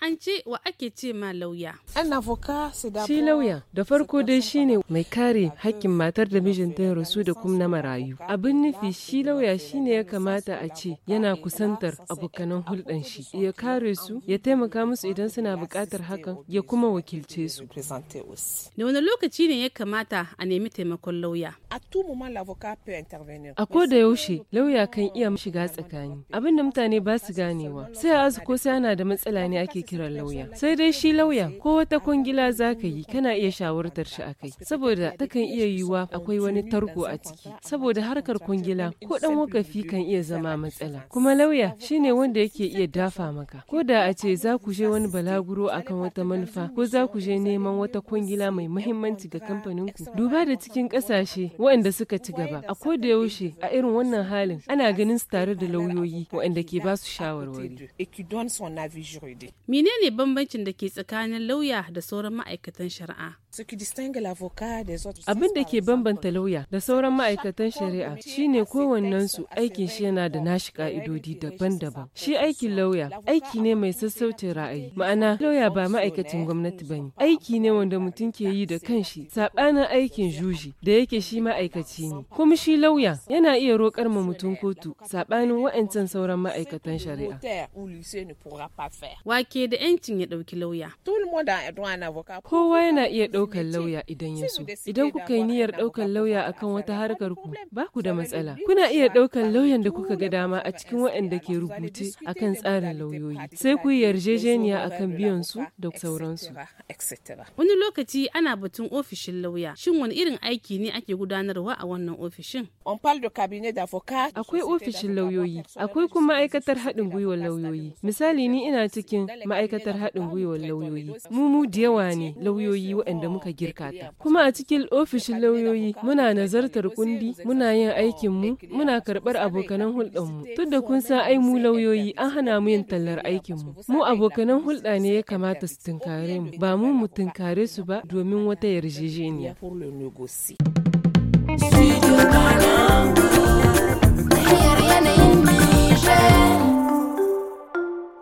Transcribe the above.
an ce wa ake ce ma lauya. Shi lauya da farko dai shi ne mai kare hakkin matar da mijinta ya rasu da kuma na marayu. Abin nufi shi lauya shi ne ya kamata a ce yana kusantar abokanan hulɗan shi. Ya kare su, ya taimaka musu idan suna buƙatar hakan, ya kuma wakilce su. Da wani lokaci ne ya kamata a nemi taimakon lauya? A ko da yaushe lauya kan iya shiga tsakani. Abin da mutane ba su ganewa. Sai a ko sai ana da matsala ne ne ake kiran lauya sai dai shi lauya ko wata kungila za ka yi kana iya shawartar shi akai saboda takan iya yiwa, akwai wani tarko a ciki saboda harkar kungila ko dan wakafi kan iya zama matsala kuma lauya shine wanda yake iya dafa maka ko da a ce za ku je wani balaguro akan wata manufa ko za ku je neman wata kungila mai muhimmanci ga kamfanin ku duba da cikin kasashe waɗanda suka ci gaba a ko da yaushe a irin wannan halin ana ganin su tare da lauyoyi waɗanda ke ba su shawarwari Menene bambancin da ke tsakanin lauya da sauran ma'aikatan shari'a? Abin da ke bambanta lauya da sauran ma'aikatan shari'a shine kowannensu aikin shi yana da nashi ka'idodi daban-daban. Shi aikin lauya aiki ne mai sassaucin ra'ayi. Ma'ana lauya ba ma'aikacin gwamnati ba ne. Aiki ne wanda mutum ke yi da kanshi saɓanin aikin juji da yake shi ma'aikaci ne. Kuma shi lauya yana iya roƙar ma mutum kotu saɓanin wa'ancan sauran ma'aikatan shari'a. wake da 'yancin ya ɗauki lauya. Kowa yana iya ɗaukar lauya idan ya so. Idan kuka yi niyyar ɗaukar lauya akan wata harkar ku, ba ku da matsala. Kuna iya ɗaukar lauyan da kuka ga dama a cikin waɗanda ke rubuce akan tsarin lauyoyi. Sai ku yi yarjejeniya akan biyan su da sauransu. Wani lokaci ana batun ofishin lauya. Shin wani irin aiki ne ake gudanarwa a wannan ofishin? Akwai ofishin lauyoyi, akwai kuma ma'aikatar haɗin gwiwar lauyoyi. Misali ni ina cikin ma'aikatar haɗin gwiwar lauyoyi. mu mu da yawa ne lauyoyi waɗanda muka girka ta. Kuma a cikin ofishin lauyoyi muna nazartar kundi, muna yin aikin mu, muna karɓar abokanan hulɗar mu. Tun da kun san ai mu lauyoyi an hana mu yin tallar aikin mu. Mu abokanan hulɗa ne ya kamata su tunkare mu, ba mu mu tunkare su ba domin wata yarjejeniya. Studio